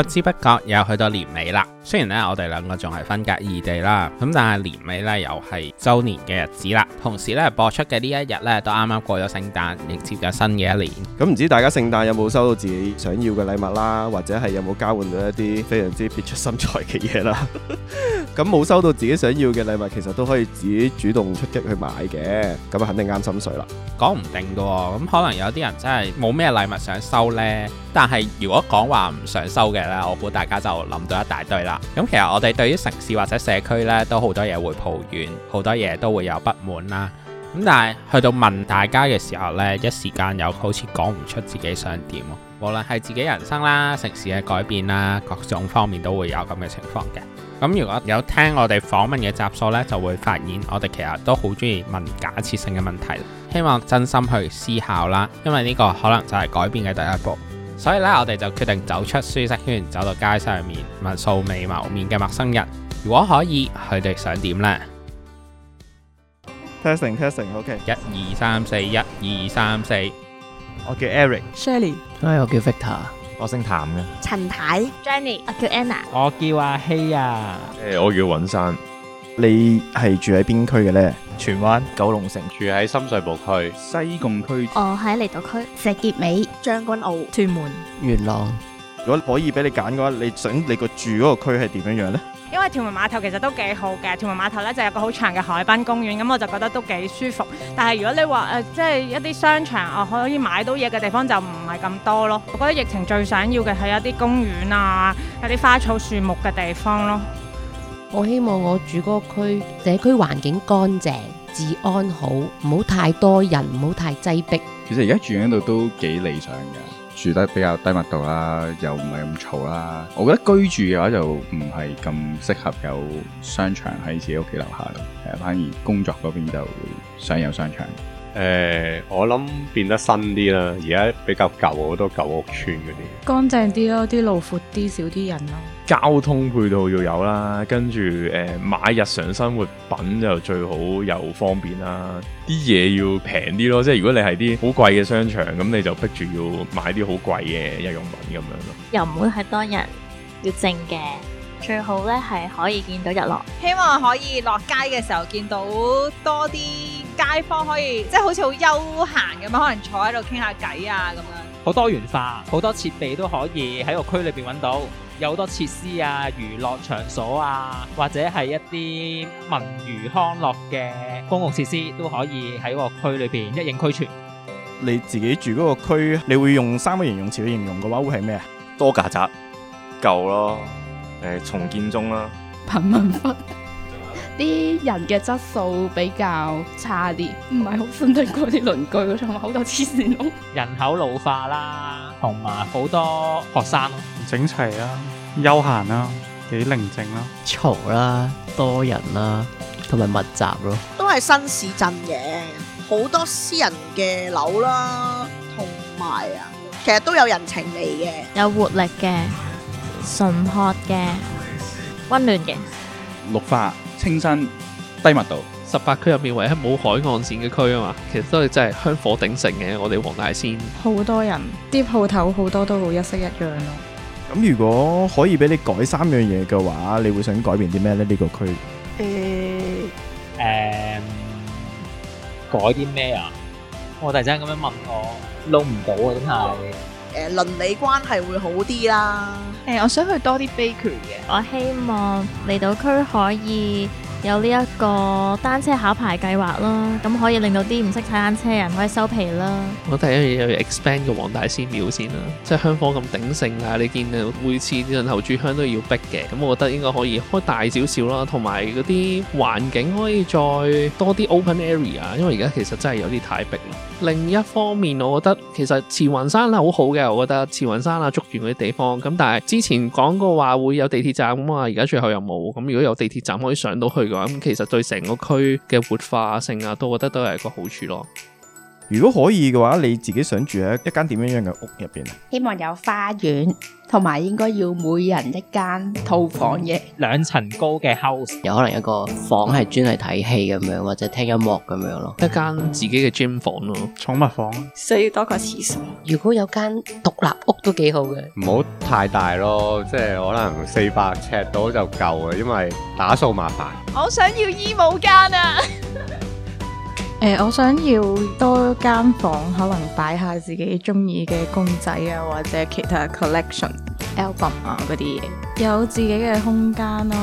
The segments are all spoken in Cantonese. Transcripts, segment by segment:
不知不覺又去到年尾啦，雖然咧我哋兩個仲係分隔異地啦，咁但係年尾咧又係周年嘅日子啦，同時咧播出嘅呢一日咧都啱啱過咗聖誕，迎接嘅新嘅一年。咁唔知大家聖誕有冇收到自己想要嘅禮物啦，或者係有冇交換到一啲非常之別出心裁嘅嘢啦？ 咁冇收到自己想要嘅禮物，其實都可以自己主動出擊去買嘅。咁肯定啱心水啦。講唔定㗎喎，咁可能有啲人真係冇咩禮物想收呢。但係如果講話唔想收嘅呢，我估大家就諗到一大堆啦。咁其實我哋對於城市或者社區呢，都好多嘢會抱怨，好多嘢都會有不滿啦。咁但係去到問大家嘅時候呢，一時間又好似講唔出自己想點喎。無論係自己人生啦、城市嘅改變啦，各種方面都會有咁嘅情況嘅。咁如果有聽我哋訪問嘅集數呢，就會發現我哋其實都好中意問假設性嘅問題，希望真心去思考啦。因為呢個可能就係改變嘅第一步。所以呢，我哋就決定走出舒適圈，走到街上面問素未謀面嘅陌生人：如果可以，佢哋想點呢？Testing，Testing，OK。一二三四，一二三四。我叫 Eric，Shelly。哎，我叫 Victor。我姓譚嘅。陳太，Jenny，我叫 Anna。我叫阿希啊。誒、欸，我叫尹山。你係住喺邊區嘅咧？荃灣、九龍城，住喺深水埗區、西貢區。我喺離島區、石硤尾、將軍澳、屯門、元朗。如果可以俾你揀嘅話，你想你住個住嗰個區係點樣樣咧？因為屯門碼頭其實都幾好嘅，屯門碼頭呢就有個好長嘅海濱公園，咁我就覺得都幾舒服。但係如果你話誒，即、呃、係、就是、一啲商場哦、呃，可以買到嘢嘅地方就唔係咁多咯。我覺得疫情最想要嘅係一啲公園啊，一啲花草樹木嘅地方咯。我希望我住嗰個區，社區環境乾淨、治安好，唔好太多人，唔好太擠迫。其實而家住喺度都幾理想嘅。住得比較低密度啦，又唔係咁嘈啦。我覺得居住嘅話就唔係咁適合有商場喺自己屋企樓下咯，誒，反而工作嗰邊就會想有商場。誒、呃，我諗變得新啲啦，而家比較舊好多舊屋村嗰啲。乾淨啲咯，啲路闊啲，少啲人咯。交通配套要有啦，跟住誒買日常生活品就最好又方便啦，啲嘢要平啲咯，即係如果你係啲好貴嘅商場，咁你就逼住要買啲好貴嘅日用品咁樣咯。又唔會係多人，要靜嘅，最好咧係可以見到日落。希望可以落街嘅時候見到多啲街坊，可以即係好似好休閒咁樣，可能坐喺度傾下偈啊咁樣。好多元化，好多設備都可以喺個區裏邊揾到。有好多設施啊，娛樂場所啊，或者係一啲文娛康樂嘅公共設施，都可以喺個區裏邊一應俱全。你自己住嗰個區，你會用三個形容詞去形容嘅話，會係咩啊？多曱甴，舊咯，誒、呃、重建中啦，貧民窟。 啲人嘅質素比較差啲，唔係好信得過嗰啲鄰居，同埋好多黐線屋。人口老化啦，同埋好多學生咯。整齊啦、啊，休閒啦、啊，幾寧靜啦、啊，嘈啦、啊，多人啦、啊，同埋密集咯。都係新市鎮嘅，好多私人嘅樓啦，同埋啊，其實都有人情味嘅，有活力嘅，淳樸嘅，溫暖嘅，綠化。青山低密度，十八區入面唯一冇海岸線嘅區啊嘛，其實都係真係香火鼎盛嘅。我哋黃大仙好多人，啲鋪頭好多都好一式一樣咯。咁、嗯、如果可以俾你改三樣嘢嘅話，你會想改變啲咩咧？呢、呢個區誒誒，改啲咩啊？我突然間咁樣問我撈唔到啊，真係。誒鄰里關係會好啲啦。誒、欸、我想去多啲飛權嘅。我希望離島區可以。有呢一個單車考牌計劃啦，咁可以令到啲唔識踩單車人可以收皮啦。我第一樣嘢又要 expand 個黃大仙廟先啦，即係香火咁鼎盛嘅、啊，你見啊每次人頭炷香都要逼嘅，咁我覺得應該可以開大少少啦，同埋嗰啲環境可以再多啲 open area，因為而家其實真係有啲太逼啦。另一方面，我覺得其實慈雲山係好好嘅，我覺得慈雲山啊、竹園嗰啲地方，咁但係之前講過話會有地鐵站咁啊，而家最後又冇，咁如果有地鐵站可以上到去。咁其實對成個區嘅活化啊性啊，都覺得都係一個好處咯。如果可以嘅話，你自己想住喺一間點樣樣嘅屋入邊啊？希望有花園，同埋應該要每人一間套房嘅兩層高嘅 house，有可能一個房係專係睇戲咁樣，或者聽音樂咁樣咯。嗯、一間自己嘅 gym 房咯，寵物房，需要多個廁所。如果有間獨立屋都幾好嘅，唔好太大咯，即係可能四百尺到就夠啊，因為打掃麻煩。我想要衣帽間啊！ 誒、欸，我想要多間房，可能擺下自己中意嘅公仔啊，或者其他 collection album 啊嗰啲，有自己嘅空間咯。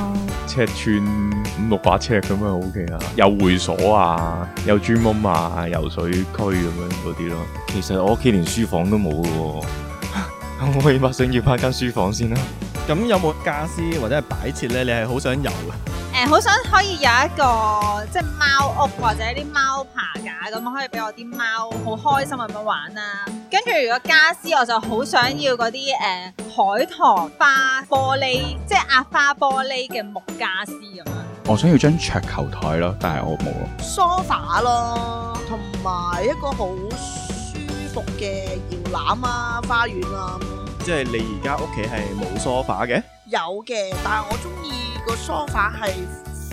尺寸五六百尺咁啊，OK 啊。有會所啊，有專門啊，游水區咁樣嗰啲咯。其實我屋企連書房都冇噶、啊，啊、我先話想要翻間書房先啦、啊。咁有冇傢俬或者係擺設咧？你係好想有啊？誒，好、嗯、想可以有一個即係貓屋或者啲貓爬架咁，可以俾我啲貓好開心咁樣玩啊。跟住如果家私，我就好想要嗰啲誒海棠花玻璃，即係壓花玻璃嘅木家私咁樣。我想要張桌球台咯，但係我冇咯。sofa 咯，同埋一個好舒服嘅搖籃啊，花園啊。即係你而家屋企係冇 sofa 嘅？有嘅，但係我中意個梳化係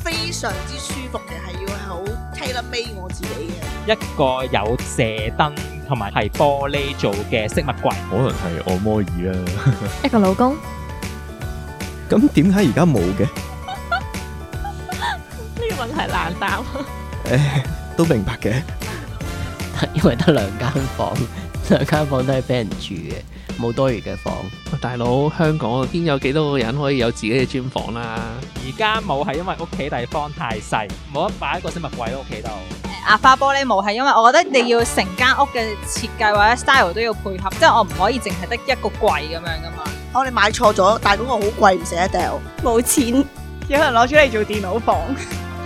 非常之舒服嘅，係要好 tailor made 我自己嘅。一個有射燈同埋係玻璃做嘅飾物櫃，可能係按摩椅啦。一個老公，咁點解而家冇嘅？呢個問題難答。誒，都明白嘅，因為得兩間房，兩間房都係畀人住嘅。冇多餘嘅房，啊，大佬香港邊有幾多個人可以有自己嘅專房啦？而家冇係因為屋企地方太細，冇得擺一個雜物櫃喺屋企度。壓、啊、花玻璃冇係因為我覺得你要成間屋嘅設計或者 style 都要配合，即、就、係、是、我唔可以淨係得一個櫃咁樣噶嘛。我、啊、你買錯咗，大佬，我好貴，唔捨得掉，冇錢，有人攞出嚟做電腦房。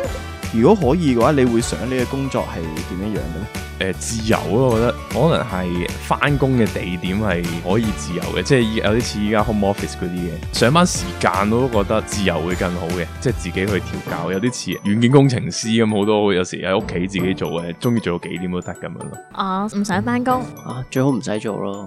如果可以嘅話，你會想你嘅工作係點樣樣嘅咧？誒，自由咯，我覺得可能係翻工嘅地點係可以自由嘅，即係有啲似依家 home office 嗰啲嘅。上班時間我都覺得自由會更好嘅，即係自己去調教，有啲似軟件工程師咁，好多有時喺屋企自己做嘅，中意做到幾點都得咁樣咯。啊，唔使翻工啊，最好唔使做咯，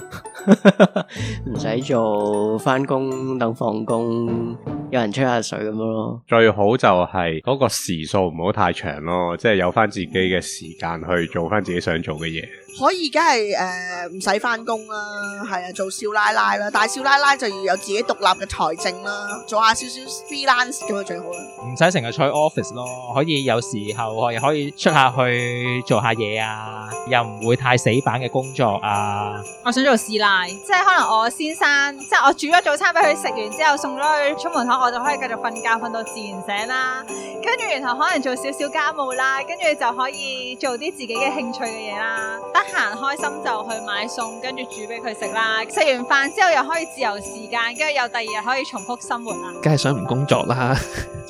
唔 使做翻工等放工，有人吹下水咁樣咯。最好就係嗰個時數唔好太長咯，即係有翻自己嘅時間去做翻自己。想做嘅嘢。可以，梗係誒唔使翻工啦，係、呃、啊，做少奶奶啦，但係少奶奶就要有自己獨立嘅財政啦，做下少少 freelance 咁就最好啦。唔使成日出去 office 咯，可以有時候可又可以出下去做下嘢啊，又唔會太死板嘅工作啊。我想做師奶，即係可能我先生，即係我煮咗早餐俾佢食完之後，送咗佢出門口，我就可以繼續瞓覺瞓到自然醒啦。跟住然後可能做少少家務啦，跟住就可以做啲自己嘅興趣嘅嘢啦。閒開心就去買餸，跟住煮俾佢食啦。食完飯之後又可以自由時間，跟住又第二日可以重複生活啦。梗係想唔工作啦，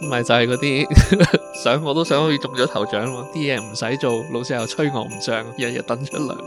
咪 就係嗰啲想，我都想可以中咗頭獎咯。啲嘢，唔使做，老師又催我唔上，日日等出糧，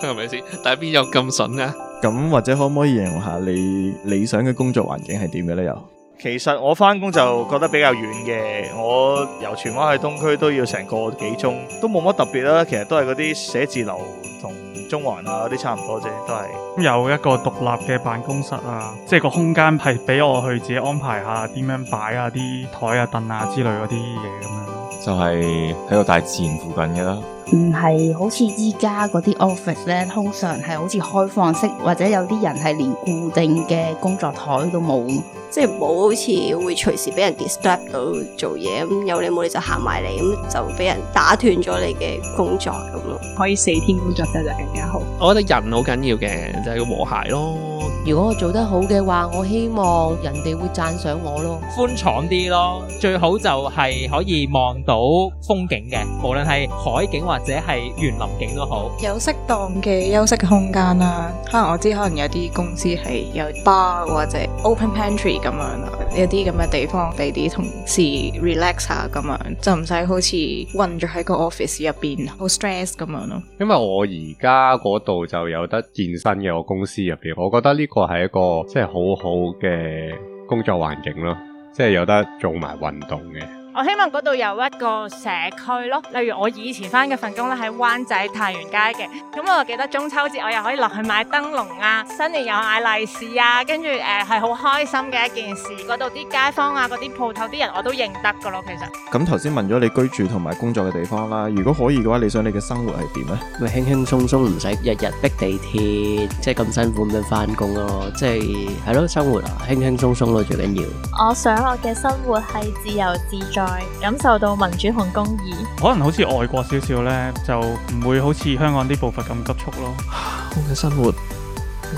係咪先？但係邊有咁筍啊？咁或者可唔可以形容下你理想嘅工作環境係點嘅咧？又？其實我翻工就覺得比較遠嘅，我由荃灣去東區都要成個幾鐘，都冇乜特別啦。其實都係嗰啲寫字樓同中環啊嗰啲差唔多啫，都係有一個獨立嘅辦公室啊，即係個空間係俾我去自己安排下點樣擺啊啲枱啊凳啊之類嗰啲嘢咁樣。就係喺個大自然附近嘅啦，唔係好似依家嗰啲 office 咧，通常係好似開放式或者有啲人係連固定嘅工作台都冇，即係冇好似會隨時俾人 disturb 到做嘢，咁有你冇你就行埋嚟，咁就俾人打斷咗你嘅工作咁咯，可以四天工作得就更加好。我覺得人好緊要嘅，就係個和諧咯。如果我做得好嘅話，我希望人哋會讚賞我咯。寬敞啲咯，最好就係可以望到風景嘅，無論係海景或者係園林景都好。有適當嘅休息嘅空間啦，可能我知可能有啲公司係有 bar 或者 open pantry 咁樣啊，有啲咁嘅地方俾啲同事 relax 下咁樣，就唔使好似困咗喺個 office 入邊好 stress 咁樣咯。因為我而家嗰度就有得健身嘅，我公司入邊，我覺得呢個。個係一個即係好好嘅工作環境咯，即係有得做埋運動嘅。我希望嗰度有一個社區咯，例如我以前翻嘅份工咧喺灣仔太原街嘅，咁我就記得中秋節我又可以落去買燈籠啊，新年又買利是啊，跟住誒係好開心嘅一件事。嗰度啲街坊啊，嗰啲鋪頭啲人我都認得噶咯，其實。咁頭先問咗你居住同埋工作嘅地方啦，如果可以嘅話，你想你嘅生活係點咧？咪輕輕鬆鬆唔使日日逼地鐵，即係咁辛苦咁樣翻工咯，即係係咯生活啊，輕輕鬆鬆咯最緊要。我想我嘅生活係自由自在。感受到民主同公義，可能好似外國少少呢，就唔會好似香港啲步伐咁急促咯。好嘅生活。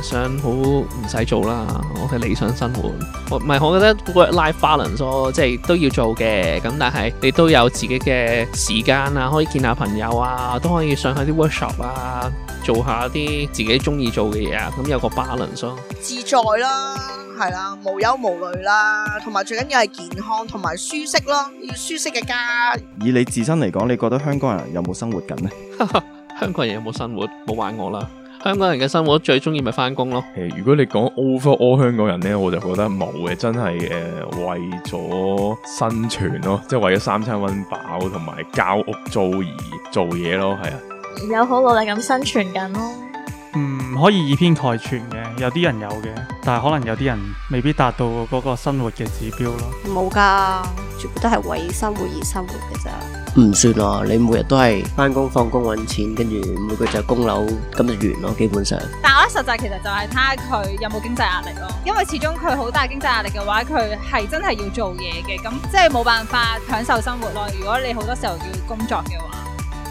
想好唔使做啦，我嘅理想生活。我唔係，我覺得 work life balance 咯。哦，即係都要做嘅。咁但係你都有自己嘅時間啊，可以見下朋友啊，都可以上下啲 workshop 啊，做下啲自己中意做嘅嘢啊。咁、嗯、有個 balance 咯，啊，自在啦，係啦，無憂無慮啦，同埋最緊要係健康同埋舒適咯，要舒適嘅家。以你自身嚟講，你覺得香港人有冇生活緊呢？ 香港人有冇生活？冇玩我啦。香港人嘅生活最中意，咪翻工咯。誒，如果你講 over all 香港人咧，我就覺得冇嘅，真係誒、呃、為咗生存咯，即係為咗三餐溫飽同埋交屋租而做嘢咯，係啊，有好努力咁生存緊咯，唔、嗯、可以以偏概全嘅。有啲人有嘅，但係可能有啲人未必達到嗰個生活嘅指標咯。冇噶，全部都係為生活而生活嘅啫。唔算咯，你每日都係翻工放工揾錢，跟住每個就供樓，咁就完咯。基本上。但係我咧實際其實就係睇下佢有冇經濟壓力咯，因為始終佢好大經濟壓力嘅話，佢係真係要做嘢嘅，咁即係冇辦法享受生活咯。如果你好多時候要工作嘅話。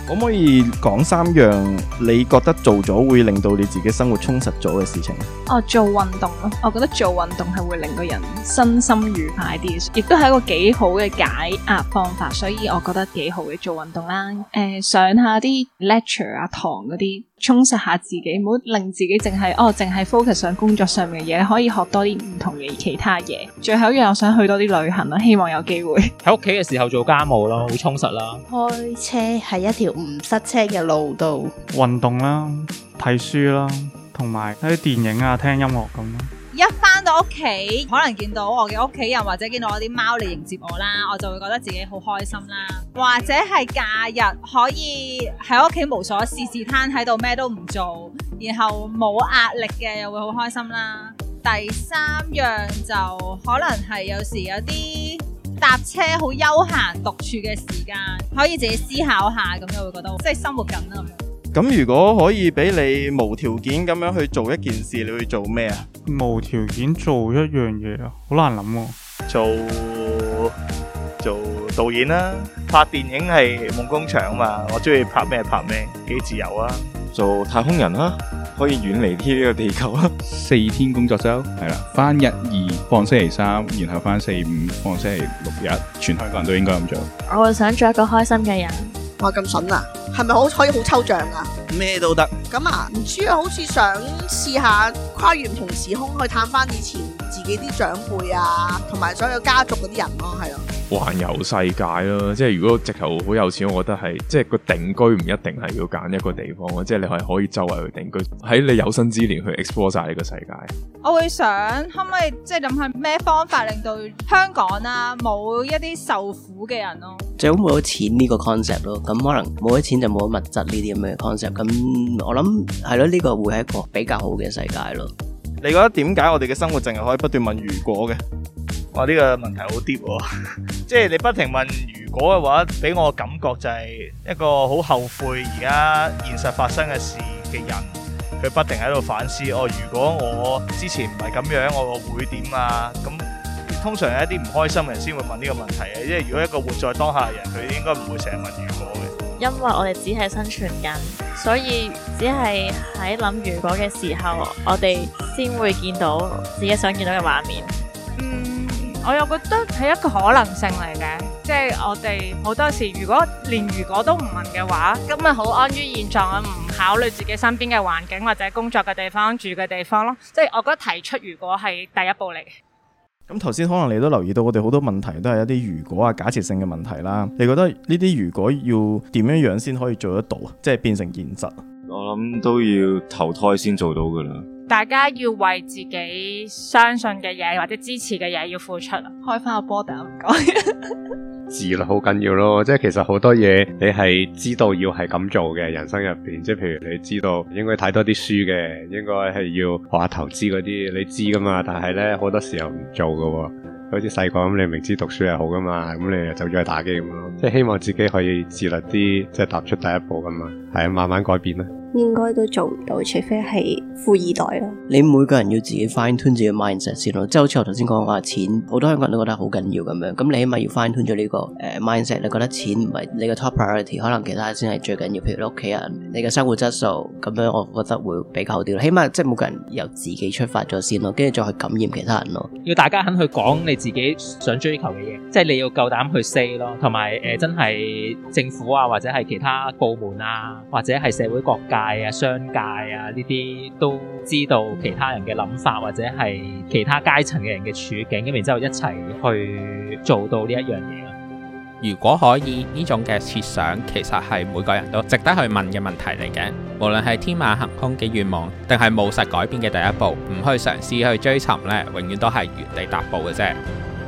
可唔可以講三樣你覺得做咗會令到你自己生活充實咗嘅事情？哦，做運動咯，我覺得做運動係會令個人身心愉快啲，亦都係一個幾好嘅解壓方法，所以我覺得幾好嘅做運動啦。誒、呃，上下啲 lecture 啊堂嗰啲。充實下自己，唔好令自己淨係哦，淨係 focus 上工作上面嘅嘢，可以學多啲唔同嘅其他嘢。最後一樣，我想去多啲旅行啦，希望有機會。喺屋企嘅時候做家務咯，好充實啦。開車喺一條唔塞車嘅路度。運動啦，啊，睇書啦，啊，同埋睇啲電影啊，聽音樂咁咯。一翻到屋企，可能見到我嘅屋企人，或者見到我啲貓嚟迎接我啦，我就會覺得自己好開心啦。或者係假日可以喺屋企無所事事攤喺度，咩都唔做，然後冇壓力嘅，又會好開心啦。第三樣就可能係有時有啲搭車好悠閒獨處嘅時間，可以自己思考下，咁又會覺得即係生活緊啦。咁如果可以俾你無條件咁樣去做一件事，你會做咩啊？無條件做一樣嘢啊，好難諗喎。做做導演啦，啊，拍電影係夢工場啊嘛。我中意拍咩拍咩，幾自由啊。做太空人啦，啊，可以遠離呢個地球啦，啊。四天工作周係啦，翻一二放星期三，然後翻四五放星期六日。全香港人都應該咁做。的我想做一個開心嘅人。哇，咁筍啊！係咪好可以好抽象啊？咩都得。咁啊，唔知道好似想試下跨越唔同時空去探返以前。自己啲長輩啊，同埋所有家族嗰啲人咯、啊，係咯、啊。環遊世界咯、啊，即係如果直頭好有錢，我覺得係，即係個定居唔一定係要揀一個地方咯，即係你係可以周圍去定居，喺你有生之年去 explore 曬呢個世界。我會想可唔可以即係諗下咩方法令到香港啊冇一啲受苦嘅人咯、啊。最好冇咗錢呢個 concept 咯，咁可能冇咗錢就冇咗物質呢啲咁嘅 concept，咁我諗係咯，呢、啊這個會係一個比較好嘅世界咯。你覺得點解我哋嘅生活淨係可以不斷問如果嘅？哇呢個問題好 deep，即係你不停問如果嘅話，俾我感覺就係一個好後悔而家現實發生嘅事嘅人，佢不停喺度反思。哦，如果我之前唔係咁樣，我會點啊？咁通常有一啲唔開心嘅人先會問呢個問題嘅，因為如果一個活在當下嘅人，佢應該唔會成日問如果。因為我哋只係生存緊，所以只係喺諗如果嘅時候，我哋先會見到自己想見到嘅畫面。嗯，我又覺得係一個可能性嚟嘅，即係我哋好多時如果連如果都唔問嘅話，咁咪好安於現狀，唔考慮自己身邊嘅環境或者工作嘅地方住嘅地方咯。即係我覺得提出如果係第一步嚟。咁頭先可能你都留意到，我哋好多問題都係一啲如果啊、假設性嘅問題啦。你覺得呢啲如果要點樣樣先可以做得到啊？即係變成現實，我諗都要投胎先做到㗎喇。大家要為自己相信嘅嘢或者支持嘅嘢要付出，開翻個波底唔該。謝謝 自律好緊要咯，即係其實好多嘢你係知道要係咁做嘅，人生入邊，即係譬如你知道應該睇多啲書嘅，應該係要學下投資嗰啲，你知噶嘛。但係咧好多時候唔做噶，好似細個咁，你明知讀書係好噶嘛，咁你又走咗去打機咁咯。即係希望自己可以自律啲，即係踏出第一步咁嘛，係啊，慢慢改變啦。應該都做唔到，除非係富二代咯。你每個人要自己 fine-tune 自己 mindset 先咯，即係好似我頭先講話錢，好多香港人都覺得好緊要咁樣。咁你起碼要 fine-tune 咗呢個誒 mindset，你覺得錢唔係你嘅 top priority，可能其他先係最緊要，譬如你屋企人、你嘅生活質素咁樣，我覺得會比較好啲咯。起碼即係每個人由自己出發咗先咯，跟住再去感染其他人咯。要大家肯去講你自己想追求嘅嘢，即係你要夠膽去 say 咯，同埋誒真係政府啊或者係其他部門啊或者係社會各界。係啊，商界啊呢啲都知道其他人嘅諗法，或者係其他階層嘅人嘅處境，咁然之後一齊去做到呢一樣嘢啊！如果可以，呢種嘅設想其實係每個人都值得去問嘅問題嚟嘅。無論係天馬行空嘅願望，定係務實改變嘅第一步，唔去嘗試去追尋咧，永遠都係原地踏步嘅啫。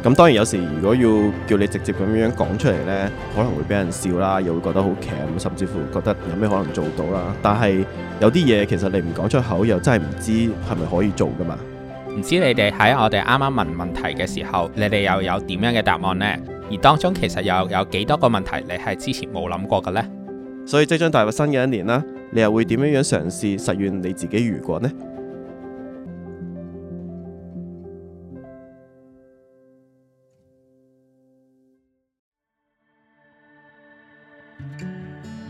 咁當然有時如果要叫你直接咁樣講出嚟呢，可能會俾人笑啦，又會覺得好劇，甚至乎覺得有咩可能做到啦。但係有啲嘢其實你唔講出口，又真係唔知係咪可以做噶嘛？唔知你哋喺我哋啱啱問問題嘅時候，你哋又有點樣嘅答案呢？而當中其實又有幾多個問題你係之前冇諗過嘅呢？所以即將踏入新嘅一年啦，你又會點樣樣嘗試實現你自己如果呢？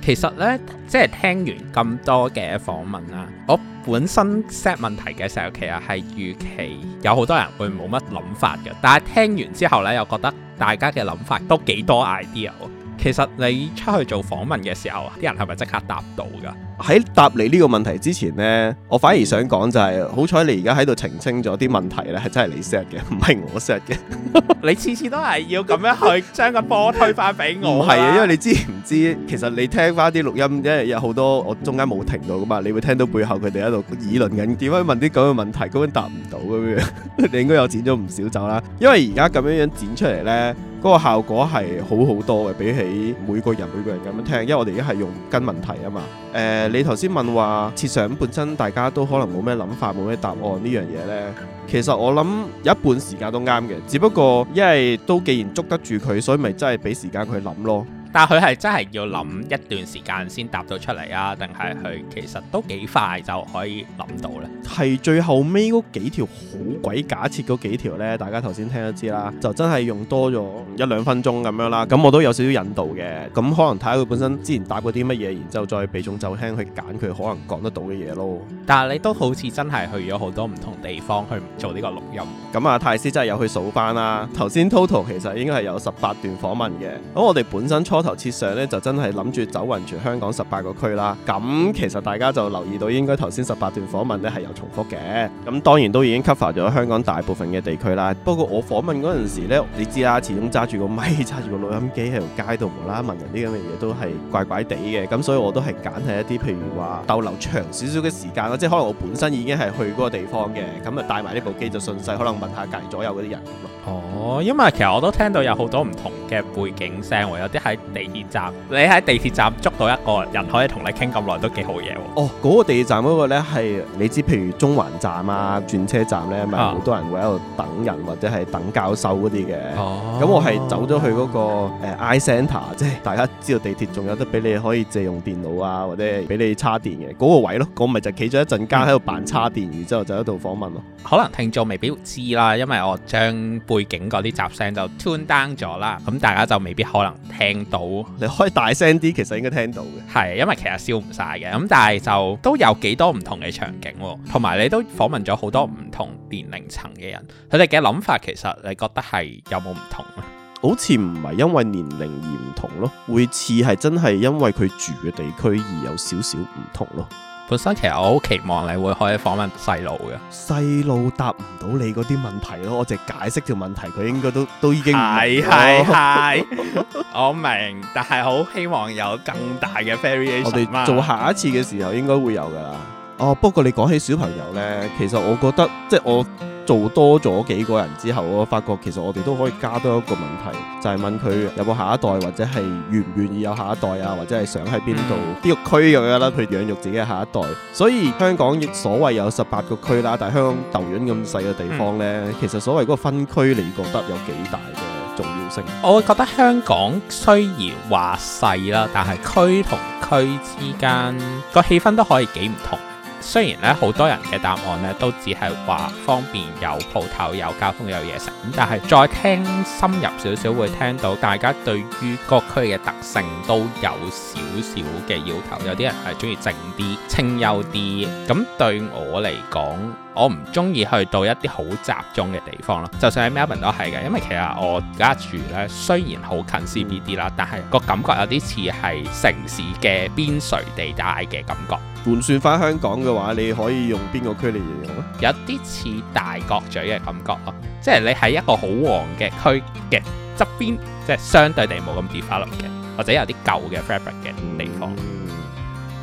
其實呢，即係聽完咁多嘅訪問啦，我本身 set 問題嘅時候，其實係預期有好多人會冇乜諗法嘅，但係聽完之後呢，又覺得大家嘅諗法都幾多 idea。其實你出去做訪問嘅時候啊，啲人係咪即刻答到噶？喺答你呢個問題之前呢，我反而想講就係、是，好彩你而家喺度澄清咗啲問題呢係真係你 set 嘅，唔係我 set 嘅。 你次次都係要咁樣去將個波推返俾我、啊。唔係 啊，因為你知唔知？其實你聽翻啲錄音，因為有好多我中間冇停到噶嘛，你會聽到背後佢哋喺度議論緊，點解問啲咁嘅問題，根本答唔到咁樣。 你應該有剪咗唔少走啦，因為而家咁樣樣剪出嚟呢。嗰個效果係好好多嘅，比起每個人每個人咁樣聽，因為我哋而家係用跟問題啊嘛。誒、呃，你頭先問話設想本身大家都可能冇咩諗法，冇咩答案呢樣嘢呢？其實我諗一半時間都啱嘅，只不過因為都既然捉得住佢，所以咪真係俾時間佢諗咯。但佢係真係要諗一段時間先答到出嚟啊？定係佢其實都幾快就可以諗到咧？係最後尾嗰幾條好鬼假設嗰幾條咧，大家頭先聽都知啦，就真係用多咗一兩分鐘咁樣啦。咁我都有少少引導嘅，咁可能睇下佢本身之前答過啲乜嘢，然之後再避重就輕去揀佢可能講得到嘅嘢咯。但係你都好似真係去咗好多唔同地方去做呢個錄音。咁阿、啊、泰斯真係有去數翻啦。頭先 total 其實應該係有十八段訪問嘅。咁我哋本身初頭設想咧，就真係諗住走勻全香港十八個區啦。咁其實大家就留意到，應該頭先十八段訪問咧係有重複嘅。咁當然都已經 cover 咗香港大部分嘅地區啦。不過我訪問嗰陣時咧，你知啦，始終揸住個咪、揸住個錄音機喺條街度無啦啦問人啲咁嘅嘢，都係怪怪地嘅。咁所以我都係揀喺一啲譬如話逗留長少少嘅時間咯，即係可能我本身已經係去嗰個地方嘅，咁啊帶埋呢部機就順勢可能問下隔籬左右嗰啲人。哦，因為其實我都聽到有好多唔同嘅背景聲喎，有啲喺地鐵站，你喺地鐵站捉到一個人可以同你傾咁耐都幾好嘢喎。哦，嗰、那個地鐵站嗰個呢係你知，譬如中環站啊轉車站呢，咪好多人會喺度等人或者係等教授嗰啲嘅。咁、哦、我係走咗去嗰、那個、哦呃、iCenter，即係大家知道地鐵仲有得俾你可以借用電腦啊，或者俾你插電嘅嗰、那個位咯。我、那、咪、個那個、就企咗一陣間喺度扮插電，嗯、然之後就喺度訪問咯。可能聽眾未必知啦，因為我將背景嗰啲雜聲就 turn down 咗啦，咁、嗯、大家就未必可能聽到。你可以大聲啲，其實應該聽到嘅。係，因為其實消唔晒嘅，咁、嗯、但係就都有幾多唔同嘅場景，同埋你都訪問咗好多唔同年齡層嘅人，佢哋嘅諗法其實你覺得係有冇唔同啊？好似唔係因為年齡而唔同咯，會似係真係因為佢住嘅地區而有少少唔同咯。本身其實我好期望你會可以訪問細路嘅，細路答唔到你嗰啲問題咯，我就解釋條問題，佢應該都都已經係係係，我明， 但係好希望有更大嘅 variation、啊。我哋做下一次嘅時候應該會有噶啦。哦、啊，不過你講起小朋友呢，其實我覺得即係我。做多咗幾個人之後，我發覺其實我哋都可以加多一個問題，就係、是、問佢有冇下一代，或者係願唔願意有下一代啊，或者係想喺邊度啲區咁樣啦，去養、嗯、育自己嘅下一代。所以香港所謂有十八個區啦，但係香港豆潤咁細嘅地方呢，嗯、其實所謂嗰個分區，你覺得有幾大嘅重要性？我會覺得香港雖然話細啦，但係區同區之間個氣氛都可以幾唔同。雖然咧，好多人嘅答案咧都只係話方便有鋪頭、有交通、有嘢食。咁但係再聽深入少少，會聽到大家對於各區嘅特性都有少少嘅要求。有啲人係中意靜啲、清幽啲。咁對我嚟講，我唔中意去到一啲好集中嘅地方咯。就算喺 Melbourne 都係嘅，因為其實我家住咧雖然好近 CBD 啦，但係個感覺有啲似係城市嘅邊陲地帶嘅感覺。換算翻香港嘅話，你可以用邊個區嚟形容咧？有啲似大角咀嘅感覺咯、哦，即係你喺一個好黃嘅區嘅側邊，即係相對地冇咁 develop 嘅，或者有啲舊嘅 fabric 嘅地方。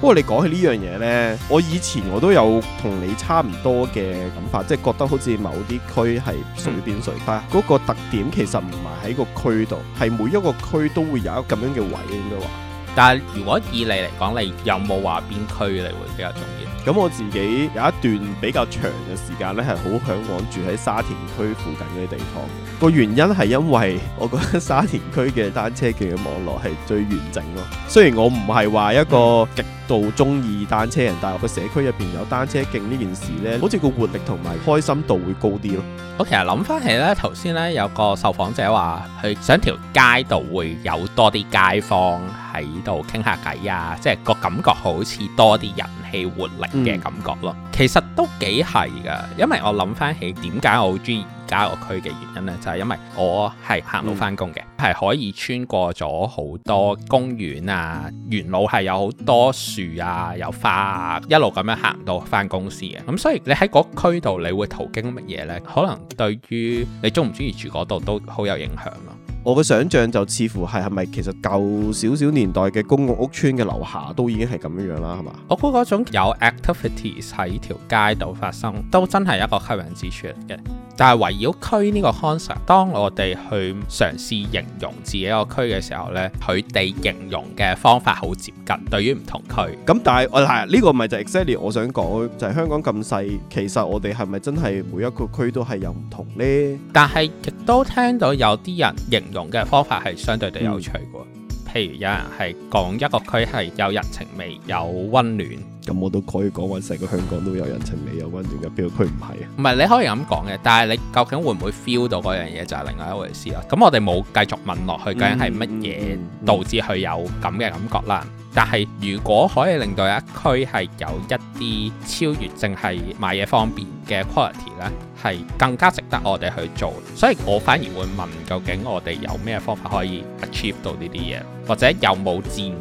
不過你講起呢樣嘢呢，我以前我都有同你差唔多嘅諗法，即係覺得好似某啲區係水於邊水，花、嗯。係嗰個特點其實唔係喺個區度，係每一個區都會有一個咁樣嘅位應該話。但係，如果以你嚟講，你有冇話邊區你會比較重要？咁我自己有一段比較長嘅時間咧，係好向往住喺沙田區附近嗰啲地方。個原因係因為我覺得沙田區嘅單車徑嘅網絡係最完整咯。雖然我唔係話一個極。到中意單車人，但係個社區入邊有單車徑呢件事呢，好似個活力同埋開心度會高啲咯。我其實諗翻起呢，頭先呢有個受訪者話，佢想條街度會有多啲街坊喺度傾下偈啊，即係個感覺好似多啲人氣活力嘅感覺咯。嗯、其實都幾係噶，因為我諗翻起點解我好中意家個區嘅原因呢，就係、是、因為我係行路翻工嘅，係、嗯、可以穿過咗好多公園啊，沿路係有好多樹啊，有花、啊、一路咁樣行到翻公司嘅。咁所以你喺嗰區度，你會途經乜嘢呢？可能對於你中唔中意住嗰度都好有影響咯。我嘅想象就似乎係係咪其實舊少少年代嘅公共屋邨嘅樓下都已經係咁樣樣啦，係嘛？我估嗰種有 activities 喺條街度發生，都真係一個吸引之處嚟嘅。但係圍繞區呢個 concept，當我哋去嘗試形容自己一個區嘅時候呢，佢哋形容嘅方法好接近對於唔同區。咁但係我係呢個咪就 exactly 我想講就係、係、香港咁細，其實我哋係咪真係每一個區都係有唔同呢？但係亦都聽到有啲人形容嘅方法係相對地有趣嘅。嗯、譬如有人係講一個區係有人情味、有溫暖。咁我都可以講話成個香港都有人情味、有溫暖嘅個區唔係啊？唔係你可以咁講嘅，但係你究竟會唔會 feel 到嗰樣嘢就係另外一回事咯。咁我哋冇繼續問落去究竟係乜嘢導致佢有咁嘅感覺啦。嗯嗯嗯嗯、但係如果可以令到一區係有一啲超越淨係買嘢方便嘅 quality 呢，係更加值得我哋去做。所以我反而會問究竟我哋有咩方法可以 achieve 到呢啲嘢，或者有冇字眼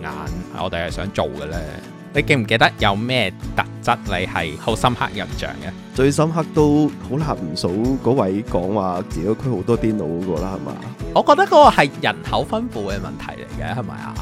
我哋係想做嘅呢？你記唔記得有咩特質你係好深刻印象嘅？最深刻都好難唔數嗰位講話自己區好多癲佬個啦，係嘛？我覺得嗰個係人口分布嘅問題嚟嘅，係咪啊？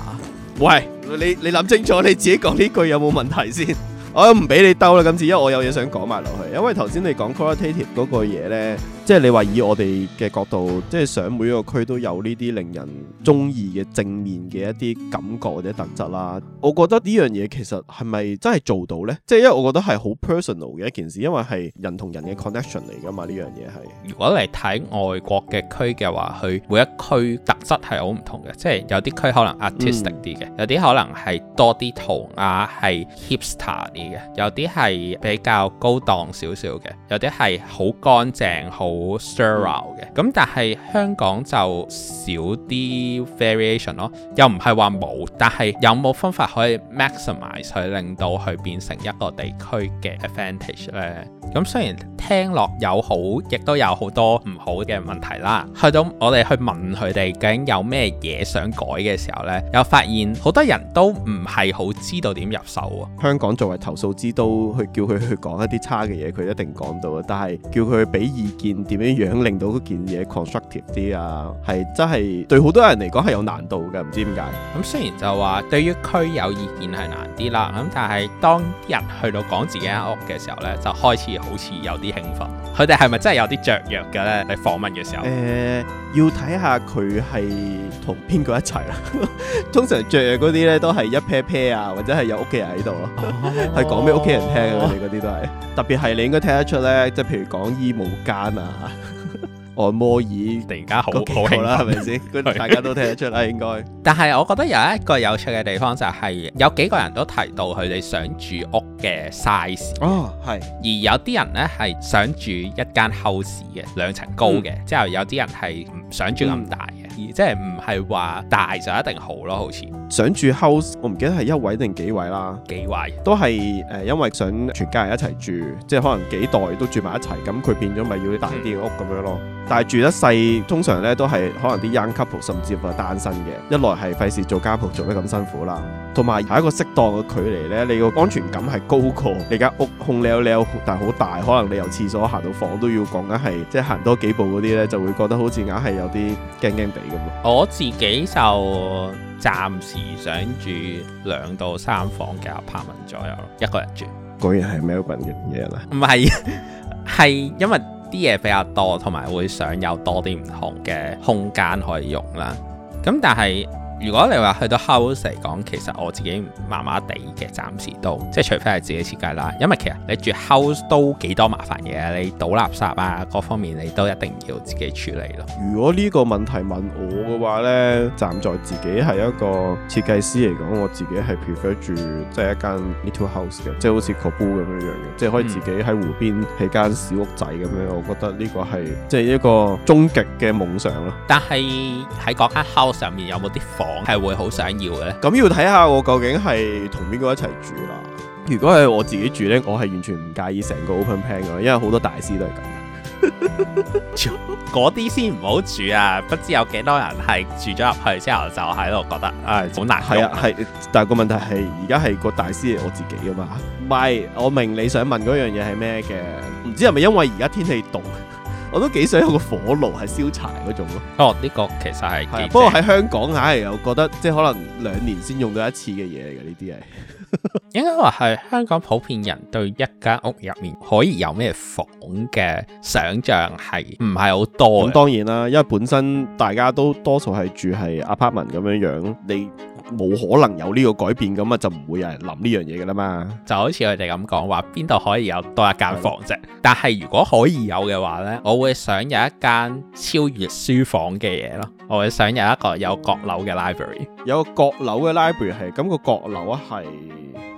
喂，你你諗清楚你自己講呢句有冇問題先？ 我又唔俾你兜啦，今次，因為我有嘢想講埋落去。因為頭先你講 qualitative 嗰個嘢咧。即係你話以我哋嘅角度，即係想每個區都有呢啲令人中意嘅正面嘅一啲感覺或者特質啦。我覺得呢樣嘢其實係咪真係做到咧？即係因為我覺得係好 personal 嘅一件事，因為係人同人嘅 connection 嚟噶嘛。呢樣嘢係。如果嚟睇外國嘅區嘅話，佢每一區特質係好唔同嘅，即係有啲區可能 artistic 啲嘅，有啲可能係多啲塗鴉，係 hipster 啲嘅，有啲係比較高檔少少嘅，有啲係好乾淨好。好 sterile 嘅，咁但係香港就少啲 variation 咯，又唔係話冇，但係有冇方法可以 maximize 去令到佢變成一個地區嘅 advantage 咧？咁雖然聽落有好，亦都有好多唔好嘅問題啦。去到我哋去問佢哋究竟有咩嘢想改嘅時候咧，又發現好多人都唔係好知道點入手啊。香港作為投訴之都，佢叫佢去講一啲差嘅嘢，佢一定講到，啊，但係叫佢俾意見。點樣樣令到嗰件嘢 constructive 啲啊？係真係對好多人嚟講係有難度嘅，唔知點解。咁、嗯、雖然就話對於區有意見係難啲啦，咁、嗯、但係當人去到講自己間屋嘅時候呢，就開始好似有啲興奮。佢哋係咪真係有啲雀躍嘅呢？嚟訪問嘅時候。誒、呃，要睇下佢係同邊個一齊啦。 通常雀躍嗰啲呢，都係一 pair 啊，或者係有屋企人喺度咯，係講俾屋企人聽嘅。佢哋嗰啲都係，特別係你應該聽得出呢，即係譬如講衣帽間啊。 按摩椅突然間好好啦，係咪先？大家都聽得出啦，應該。 但係我覺得有一個有趣嘅地方就係，有幾個人都提到佢哋想住屋嘅 size 哦，係。而有啲人咧係想住一間 house 嘅兩層高嘅，嗯、之後有啲人係唔想住咁大。嗯而即係唔係話大就一定好咯。好似想住 house，我唔記得係一位定幾位啦，幾位都係誒，因為想全家人一齊住，即係可能幾代都住埋一齊，咁佢變咗咪要啲大啲嘅屋咁樣咯。但係住得細，通常咧都係可能啲 young couple 甚至乎係單身嘅，一來係費事做家僕做得咁辛苦啦，同埋係一個適當嘅距離咧，你個安全感係高過你間屋空寥寥，但係好大，可能你由廁所行到房都要講緊係即係行多幾步嗰啲咧，就會覺得好似硬係有啲驚驚地。我自己就暫時想住兩到三房嘅柏文左右，一個人住。果然係咩類型嘅嘢咧？唔係，係因為啲嘢比較多，同埋會想有多啲唔同嘅空間可以用啦。咁但係。如果你話去到 house 嚟講，其實我自己麻麻地嘅，暫時都即係除非係自己設計啦。因為其實你住 house 都幾多麻煩嘅，你倒垃圾啊，各方面你都一定要自己處理咯。如果呢個問題問我嘅話呢，站在自己係一個設計師嚟講，我自己係 prefer 住即係一間 little house 嘅，即係好似 couple 咁樣樣嘅，即係可以自己喺湖邊起間小屋仔咁樣，我覺得呢個係、嗯、即係一個終極嘅夢想咯。但係喺嗰間 house 上面有冇啲房？係會好想要嘅咧，咁要睇下我究竟係同邊個一齊住啦，啊。如果係我自己住咧，我係完全唔介意成個 open plan 嘅，因為好多大師都係咁。嗰啲先唔好住啊！不知有幾多人係住咗入去之後就喺度覺得唉好難。係、哎、啊係、啊啊，但係個問題係而家係個大師係我自己噶嘛？唔係，我明你想問嗰樣嘢係咩嘅？唔知係咪因為而家天氣凍？我都幾想有個火爐係燒柴嗰種咯。哦，呢個其實係，不過喺香港硬係有覺得，即係可能兩年先用到一次嘅嘢嚟嘅呢啲係。 應該話係香港普遍人對一間屋入面可以有咩房嘅想像係唔係好多？咁當然啦，因為本身大家都多數係住係 apartment 咁樣樣，你。冇可能有呢個改變咁啊，就唔會有人諗呢樣嘢嘅啦嘛。就好似佢哋咁講話，邊度可以有多一間房啫？的但係如果可以有嘅話呢，我會想有一間超越書房嘅嘢咯。我會想有一個有閣樓嘅 library。有個閣樓嘅 library 係咁、個閣樓啊，係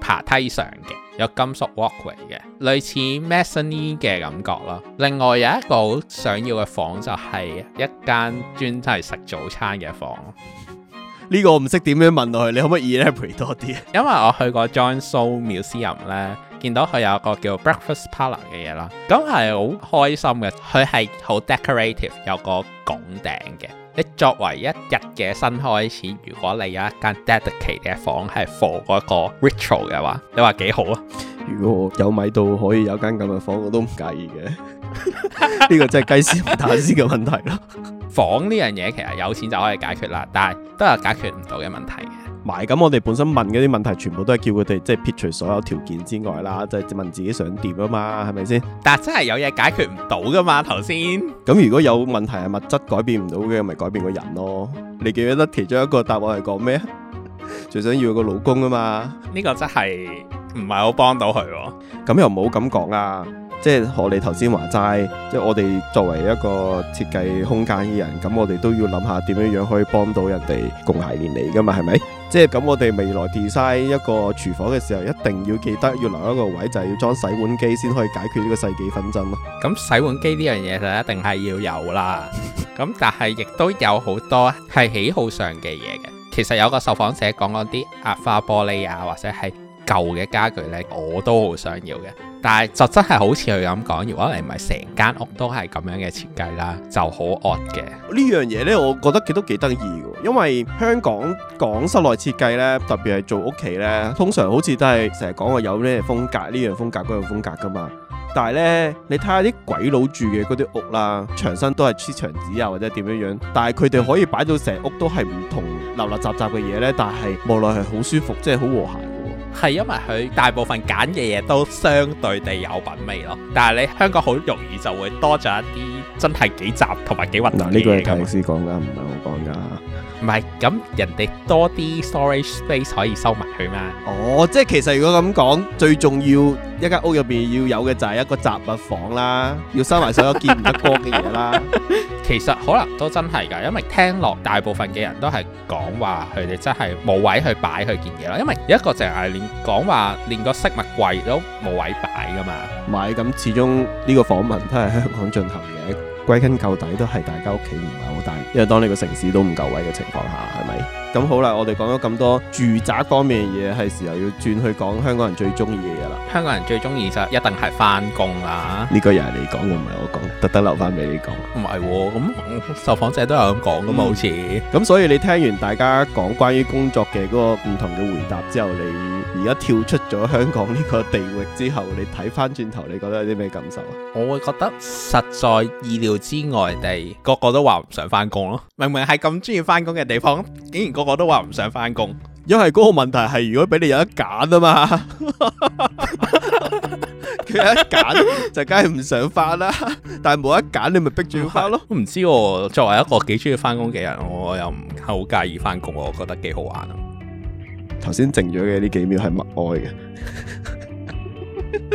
爬梯上嘅，有金屬 walkway 嘅，類似 mezzanine 嘅感覺咯。另外有一個好想要嘅房就係一間專真係食早餐嘅房。呢個唔識點樣問落去，你可唔可以 elaborate 多啲？因為我去過 John Soane's Museum 咧，見到佢有個叫 breakfast parlour 嘅嘢啦，咁係好開心嘅。佢係好 decorative，有個拱頂嘅。你作為一日嘅新開始，如果你有一間 dedicate 嘅房係 for 嗰個 ritual 嘅話，你話幾好啊？如果有米到可以有間咁嘅房，我都唔介意嘅。呢 個真係雞先定蛋先嘅問題咯。 房呢樣嘢，其實有錢就可以解決啦，但係都有解決唔到嘅問題。埋咁我哋本身問嗰啲問題，全部都係叫佢哋即係撇除所有條件之外啦，就係、是、問自己想點啊嘛，係咪先？但真係有嘢解決唔到噶嘛，頭先。咁如果有問題係物質改變唔到嘅，咪改變個人咯。你記得得其中一個答案係講咩？ 最想要個老公啊嘛。呢個真係唔係好幫到佢。咁又唔好咁講啊！即係我哋頭先話齋，即係我哋作為一個設計空間嘅人，咁我哋都要諗下點樣樣可以幫到人哋共諧連理㗎嘛？係咪？即係咁，我哋未來 design 一個廚房嘅時候，一定要記得要留一個位，就係要裝洗碗機先可以解決呢個世紀紛爭咯。咁洗碗機呢樣嘢就一定係要有啦。咁 但係亦都有好多係喜好上嘅嘢嘅。其實有個受訪者講嗰啲壓花玻璃啊，或者係。舊嘅家具呢，我都好想要嘅。但係就真係好似佢咁講，如果嚟埋成間屋都係咁樣嘅設計啦，就好 odd 嘅。呢樣嘢呢，我覺得佢都幾得意喎。因為香港講室內設計呢，特別係做屋企呢，通常好似都係成日講話有咩風格呢樣、呢個、風格嗰樣風格噶嘛。但係呢，你睇下啲鬼佬住嘅嗰啲屋啦，牆身都係黐牆紙啊或者點樣樣，但係佢哋可以擺到成屋都係唔同、立立雜雜嘅嘢呢。但係無論係好舒服，即係好和諧。係因為佢大部分揀嘅嘢都相對地有品味咯，但係你香港好容易就會多咗一啲真係幾雜同埋幾混亂。啊，呢個係泰斯講㗎，唔係我講㗎。唔係咁，人哋多啲 storage space 可以收埋佢咩？哦，即係其實如果咁講，最重要一間屋入邊要有嘅就係一個雜物房啦，要收埋所有見唔得光嘅嘢啦。其實可能都真係噶，因為聽落大部分嘅人都係講話佢哋真係冇位去擺佢件嘢啦，因為一個淨係連講話連個飾物櫃都冇位擺噶嘛。唔係咁，始終呢個訪問都係香港進行嘅。歸根究底都係大家屋企唔係好大，因為當你個城市都唔夠位嘅情況下，係咪？咁好啦，我哋講咗咁多住宅方面嘅嘢，係時候要轉去講香港人最中意嘅嘢啦。香港人最中意就一定係翻工啦。呢個又係你講嘅，唔係我講嘅，特登留翻俾你講。唔係、啊，咁受訪者都有咁講噶嘛？好似咁，所以你聽完大家講關於工作嘅嗰個唔同嘅回答之後，你。而家跳出咗香港呢個地域之後，你睇翻轉頭，你覺得有啲咩感受啊？我會覺得實在意料之外地，地個個都話唔想翻工咯。明明係咁中意翻工嘅地方，竟然個個都話唔想翻工。因為嗰個問題係，如果俾你有得揀啊嘛，佢有得揀就梗係唔想翻啦。但係冇得揀，你咪逼住要翻咯。唔知啊，我作為一個幾中意翻工嘅人，我又唔係好介意翻工，我覺得幾好玩啊。頭先靜咗嘅呢幾秒係默哀嘅，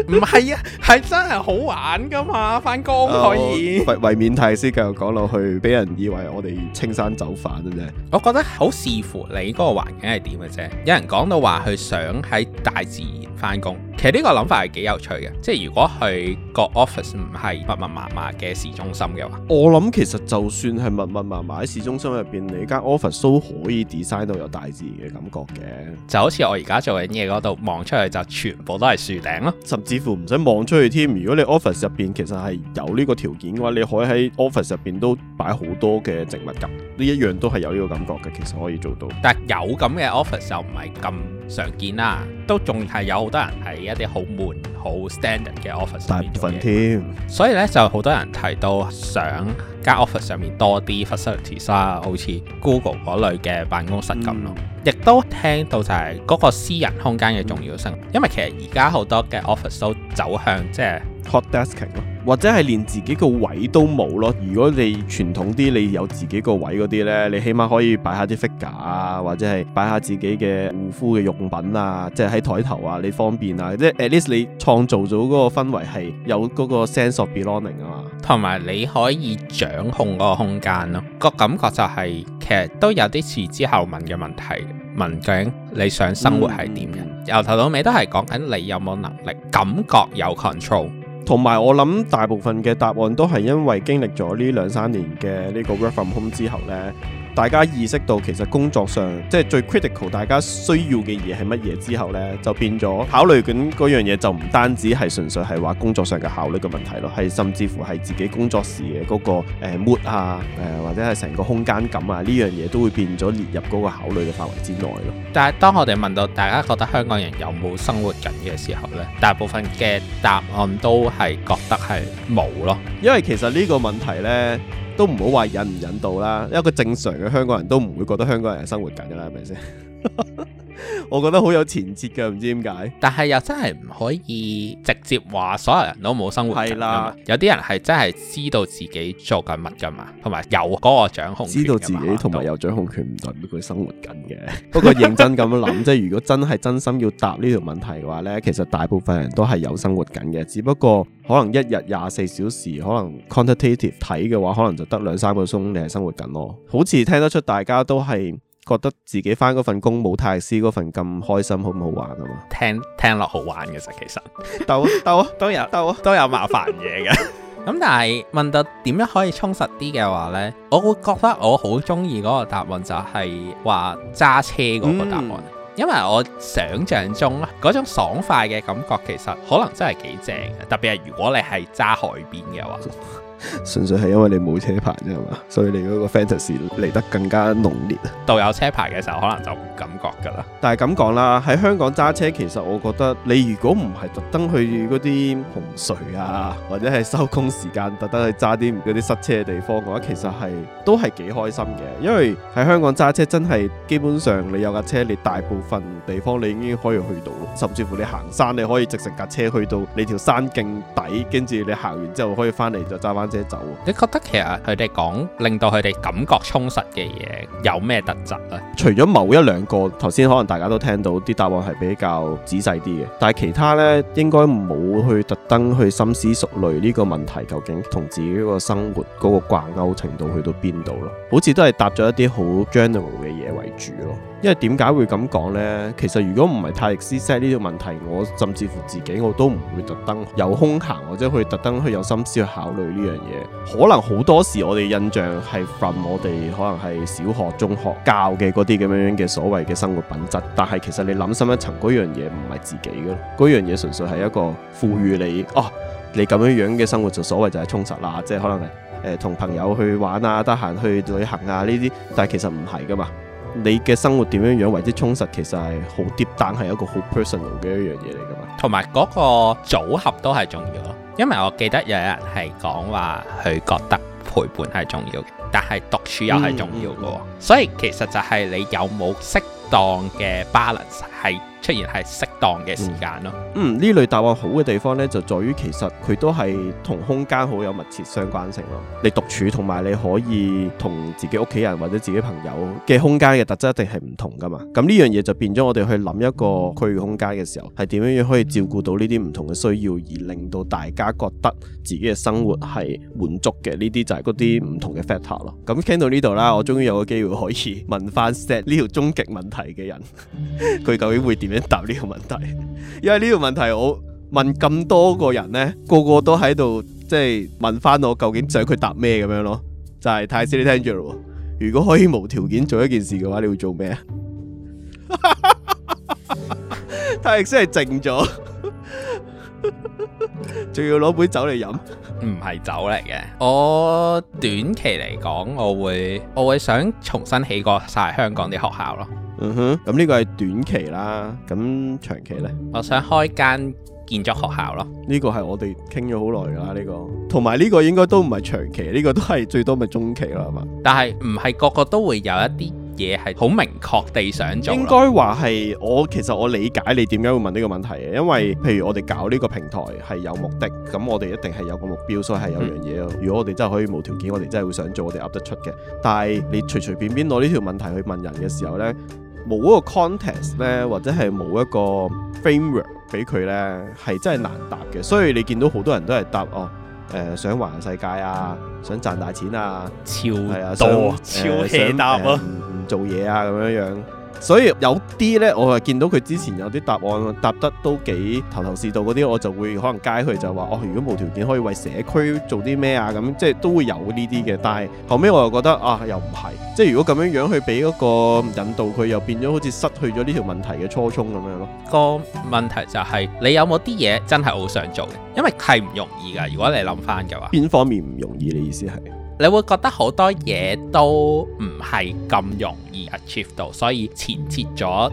唔係 啊，係真係好玩噶嘛，翻工可以，呃。為免太師繼續講落去，俾人以為我哋青山走反嘅啫。我覺得好視乎你嗰個環境係點嘅啫。有人講到話，佢想喺大自然翻工。其實呢個諗法係幾有趣嘅，即係如果係個 office 唔係密密麻麻嘅市中心嘅話，我諗其實就算係密密麻麻喺市中心入邊，你間 office 都可以 design 到有大自然嘅感覺嘅，就好似我而家做緊嘢嗰度望出去就全部都係樹頂咯，甚至乎唔使望出去添。如果你 office 入邊其實係有呢個條件嘅話，你可以喺 office 入邊都擺好多嘅植物噉，呢一樣都係有呢個感覺嘅。其實可以做到，但係有咁嘅 office 又唔係咁常見啦，都仲係有好多人喺一啲好悶、好 standard 嘅 office 上面部做嘢事，所以咧就好多人提到想加 office 上面多啲 facilities 啦，好似 Google 嗰類嘅辦公室咁咯。嗯、亦都聽到就係嗰個私人空間嘅重要性，嗯、因為其實而家好多嘅 office 都走向即係 hot desking 或者係連自己個位都冇咯。如果你傳統啲，你有自己個位嗰啲呢，你起碼可以擺下啲 figure 啊，或者係擺下自己嘅護膚嘅用品啊，即係喺台頭啊，你方便啊。即係 at least 你創造咗嗰個氛圍係有嗰個 sense of belonging 啊，嘛，同埋你可以掌控嗰個空間咯。個感覺就係、是、其實都有啲似之後問嘅問題。問緊，你想生活係點樣？嗯、由頭到尾都係講緊你有冇能力感覺有 control。同埋我諗，大部分嘅答案都係因為經歷咗呢兩三年嘅呢個 work from home 之後呢。大家意識到其實工作上即係最 critical 大家需要嘅嘢係乜嘢之後呢，就變咗考慮緊嗰樣嘢，就唔單止係純粹係話工作上嘅考慮嘅問題咯，係甚至乎係自己工作時嘅嗰個 mood 啊，誒或者係成個空間感啊呢樣嘢都會變咗列入嗰個考慮嘅範圍之內咯。但係當我哋問到大家覺得香港人有冇生活緊嘅時候呢，大部分嘅答案都係覺得係冇咯，因為其實呢個問題呢。都唔好話引唔引導啦，一個正常嘅香港人都唔會覺得香港人生活緊噶啦，係咪先？ 我覺得好有前設噶唔知點解。但係又真係唔可以直接話所有人都冇生活。係啦的，有啲人係真係知道自己做緊乜噶嘛，同埋有嗰個掌控。知道自己同埋有掌控權唔代表佢生活緊嘅。 不過認真咁樣諗，即係 如果真係真心要答呢條問題嘅話呢，其實大部分人都係有生活緊嘅，只不過可能一日廿四小時，可能 quantitative 睇嘅話，可能就得兩三個鐘你係生活緊咯。好似聽得出大家都係。覺得自己返嗰份工冇太師嗰份咁開心，好唔好玩啊嘛？聽聽落好玩嘅啫，其實 都都都有都都有麻煩嘢嘅。咁 但係問到點樣可以充實啲嘅話呢，我會覺得我好鍾意嗰個答案就係話揸車嗰個答案，嗯、因為我想像中咧嗰種爽快嘅感覺其實可能真係幾正嘅，特別係如果你係揸海邊嘅話。 純粹係因為你冇車牌啫嘛，所以你嗰個 fantasy 嚟得更加濃烈啊！到有車牌嘅時候，可能就唔感覺噶啦。但係咁講啦，喺香港揸車，其實我覺得你如果唔係特登去嗰啲紅隧啊，或者係收工時間特登去揸啲嗰啲塞車嘅地方嘅話，我覺得其實係都係幾開心嘅。因為喺香港揸車真係基本上你有架車，你大部分地方你已經可以去到，甚至乎你行山你可以直成架車去到你條山徑底，跟住你行完之後可以翻嚟就揸翻。你覺得其實佢哋講令到佢哋感覺充實嘅嘢有咩特質啊？除咗某一兩個頭先，可能大家都聽到啲答案係比較仔細啲嘅，但係其他呢應該冇去特登去深思熟慮呢個問題究竟同自己個生活嗰個掛鈎程度去到邊度咯？好似都係答咗一啲好 general 嘅嘢為主咯。因為點解會咁講呢？其實如果唔係太迪斯 set 呢條問題，我甚至乎自己我都唔會特登有空閒或者去特登去有心思去考慮呢樣嘢。可能好多時我哋印象係 from 我哋可能係小學、中學教嘅嗰啲咁樣嘅所謂嘅生活品質，但係其實你諗深一層，嗰樣嘢唔係自己嘅咯，嗰樣嘢純粹係一個賦予你，哦，你咁樣樣嘅生活就所謂就係充實啦，即係可能誒同、呃、朋友去玩啊，得閒去旅行啊呢啲，但係其實唔係噶嘛，你嘅生活點樣樣為之充實，其實係好 deep，但係一個好 personal 嘅一樣嘢嚟噶嘛，同埋嗰個組合都係重要咯，因為我記得有人係講話佢覺得陪伴係重要。但係讀書又係重要嘅，所以其實就係你有冇適當嘅 balance。係出現係適當嘅時間咯。嗯，呢、嗯、類答案好嘅地方呢，就在於其實佢都係同空間好有密切相關性咯。你獨處同埋你可以同自己屋企人或者自己朋友嘅空間嘅特質一定係唔同噶嘛。咁呢樣嘢就變咗我哋去諗一個區域空間嘅時候，係點樣樣可以照顧到呢啲唔同嘅需要，而令到大家覺得自己嘅生活係滿足嘅。呢啲就係嗰啲唔同嘅 factor 咯。咁傾到呢度啦，我終於有個機會可以問翻 set 呢條終極問題嘅人，佢 佢會點樣答呢個問題？因為呢個問題我問咁多個人，呢個個都喺度即係問翻我究竟想佢答咩咁樣咯？就係泰斯你聽著啦，如果可以無條件做一件事嘅話，你會做咩啊？泰斯係靜咗，仲 要攞杯酒嚟飲，唔係酒嚟嘅。我短期嚟講，我會我會想重新起過晒香港啲學校咯。嗯哼，咁呢個係短期啦，咁長期呢？我想開間建築學校咯。呢個係我哋傾咗好耐噶啦，呢、呢個同埋呢個應該都唔係長期，呢、呢個都係最多咪中期啦，係嘛？但係唔係個個都會有一啲嘢係好明確地想做。應該話係我其實我理解你點解會問呢個問題嘅，因為譬如我哋搞呢個平台係有目的，咁我哋一定係有個目標，所以係有樣嘢咯。嗯、如果我哋真係可以無條件，我哋真係會想做，我哋噏得出嘅。但係你隨隨便便攞呢條問題去問人嘅時候呢。冇嗰個 context 咧，或者係冇一個 framework 俾佢咧，係真係難答嘅。所以你見到好多人都係答哦，誒、呃、想環遊世界啊，想賺大錢啊，超多想超 hea 答啊，唔、呃呃、做嘢啊咁樣樣。所以有啲呢，我係見到佢之前有啲答案答得都幾頭頭是道嗰啲，我就會可能街佢就話哦，如果無條件可以為社區做啲咩啊，咁即係都會有呢啲嘅。但係後尾我又覺得啊，又唔係，即係如果咁樣樣去俾嗰個引導佢，又變咗好似失去咗呢條問題嘅初衷咁樣咯。個問題就係你有冇啲嘢真係好想做嘅？因為係唔容易㗎。如果你諗翻嘅話，邊方面唔容易？你意思係？你會覺得好多嘢都唔係咁容易 achieve 到，所以前設咗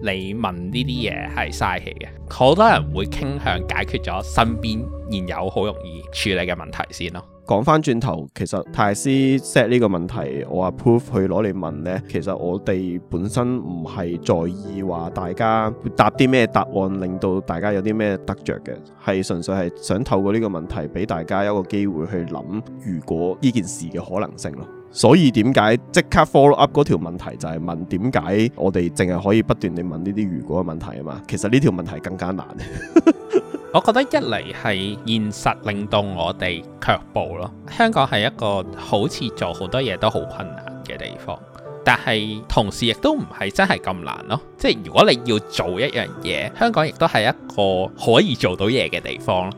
你問呢啲嘢係嘥氣嘅。好多人會傾向解決咗身邊現有好容易處理嘅問題先咯。講翻轉頭，其實泰師 set 呢個問題，我話 proof 去攞嚟問呢。其實我哋本身唔係在意話大家會答啲咩答案，令到大家有啲咩得着嘅，係純粹係想透過呢個問題俾大家一個機會去諗，如果呢件事嘅可能性咯。所以點解即刻 follow up 嗰條問題就係問點解我哋淨係可以不斷地問呢啲如果嘅問題啊嘛？其實呢條問題更加難。 我覺得一嚟係現實令到我哋卻步咯。香港係一個好似做好多嘢都好困難嘅地方，但係同時亦都唔係真係咁難咯。即係如果你要做一樣嘢，香港亦都係一個可以做到嘢嘅地方。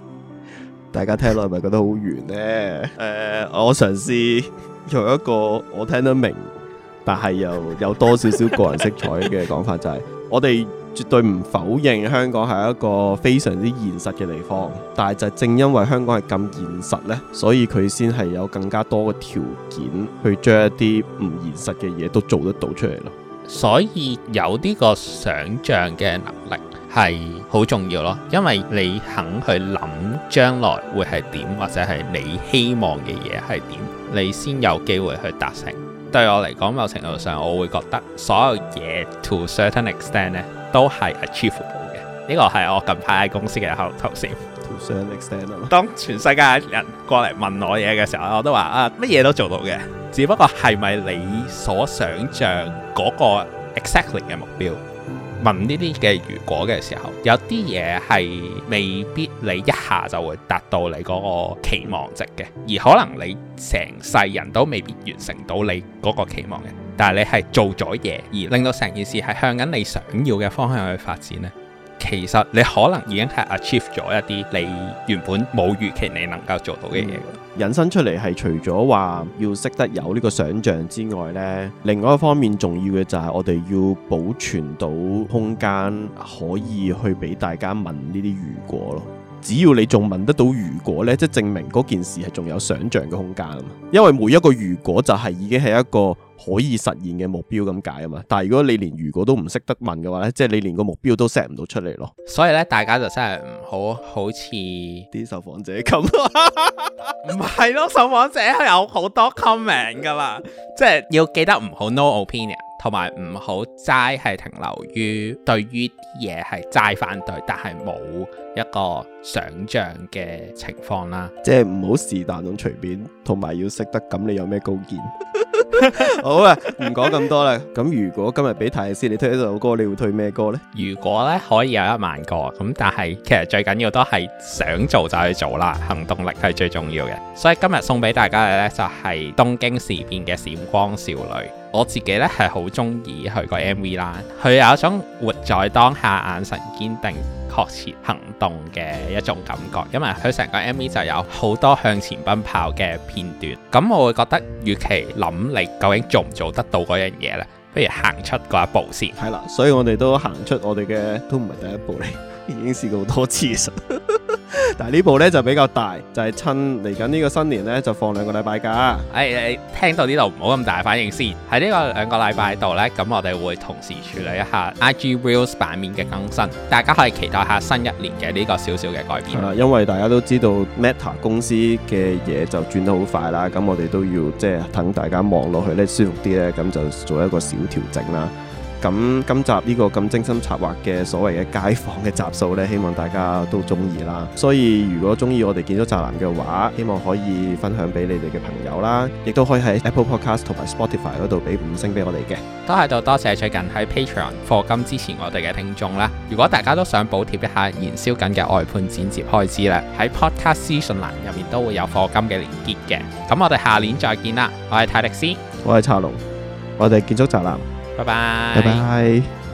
大家聽落係咪覺得好圓呢？誒、呃，我嘗試用一個我聽得明，但係又有多少少個人色彩嘅講法， 就係、是。我哋絕對唔否認香港係一個非常之現實嘅地方，但係就係正因為香港係咁現實呢，所以佢先係有更加多嘅條件去將一啲唔現實嘅嘢都做得到出嚟咯。所以有呢個想像嘅能力係好重要咯，因為你肯去諗將來會係點，或者係你希望嘅嘢係點，你先有機會去達成。對我嚟講，某程度上，我會覺得所有嘢，to certain extent 咧，都係 achievable 嘅。呢個係我近排喺公司嘅口頭禪。To certain extent，當全世界人過嚟問我嘢嘅時候，我都話啊，乜嘢都做到嘅，只不過係咪你所想像嗰個 exactly 嘅目標？問呢啲嘅如果嘅時候，有啲嘢係未必你一下就會達到你嗰個期望值嘅，而可能你成世人都未必完成到你嗰個期望嘅，但係你係做咗嘢，而令到成件事係向緊你想要嘅方向去發展咧。其實你可能已經係 achieve 咗一啲你原本冇預期你能夠做到嘅嘢，嗯，引申出嚟係除咗話要識得有呢個想象之外呢，另外一方面重要嘅就係我哋要保存到空間，可以去俾大家問呢啲如果咯。只要你仲問得到如果呢，即係證明嗰件事係仲有想象嘅空間啊嘛。因為每一個如果就係已經係一個可以實現嘅目標咁解啊嘛。但係如果你連如果都唔識得問嘅話呢，即係你連個目標都 set 唔到出嚟咯。所以呢，大家就真係唔好好似啲受訪者咁咯。唔係咯，受訪者係有好多 comment 噶啦，即係 要記得唔好 no opinion，同埋唔好齋係停留於對於啲嘢係齋反對，但係冇，一個想象嘅情況啦，即係唔好是但咁隨便，同埋要識得咁。你有咩高見？ 好啊，唔講咁多啦。咁如果今日俾提示你推一首歌，你會推咩歌呢？如果咧可以有一萬個咁，但係其實最緊要都係想做就去做啦，行動力係最重要嘅。所以今日送俾大家嘅呢，就係東京事變嘅《閃光少女》。我自己咧係好中意佢個 MV 啦，佢有一種活在當下、眼神堅定、確切行動嘅一種感覺，因為佢成個 MV 就有好多向前奔跑嘅片段。咁我會覺得，與其諗你究竟做唔做得到嗰樣嘢呢？不如行出嗰一步先。係啦，所以我哋都行出我哋嘅，都唔係第一步嚟，已經試過好多次 但係呢部咧就比較大，就係趁嚟緊呢個新年咧就放兩個禮拜假。哎哎，聽到呢度唔好咁大反應先。喺呢個兩個禮拜度咧，咁我哋會同時處理一下 IG reels 版面嘅更新，大家可以期待下新一年嘅呢個少少嘅改變。係啦，因為大家都知道 Meta 公司嘅嘢就轉得好快啦，咁我哋都要即係等大家望落去咧舒服啲咧，咁就做一個小調整啦。咁今集呢個咁精心策劃嘅所謂嘅街坊嘅集數呢，希望大家都中意啦。所以如果中意我哋建築宅男嘅話，希望可以分享俾你哋嘅朋友啦，亦都可以喺 Apple Podcast 同埋 Spotify 嗰度俾五星俾我哋嘅。都喺度多謝最近喺 Patreon 課金支持我哋嘅聽眾啦。如果大家都想補貼一下燃燒緊嘅外判剪接開支啦，喺 Podcast 私信欄入面都會有課金嘅連結嘅。咁我哋下年再見啦。我係泰迪斯，我係查龍，我哋建築宅男。拜拜。拜拜。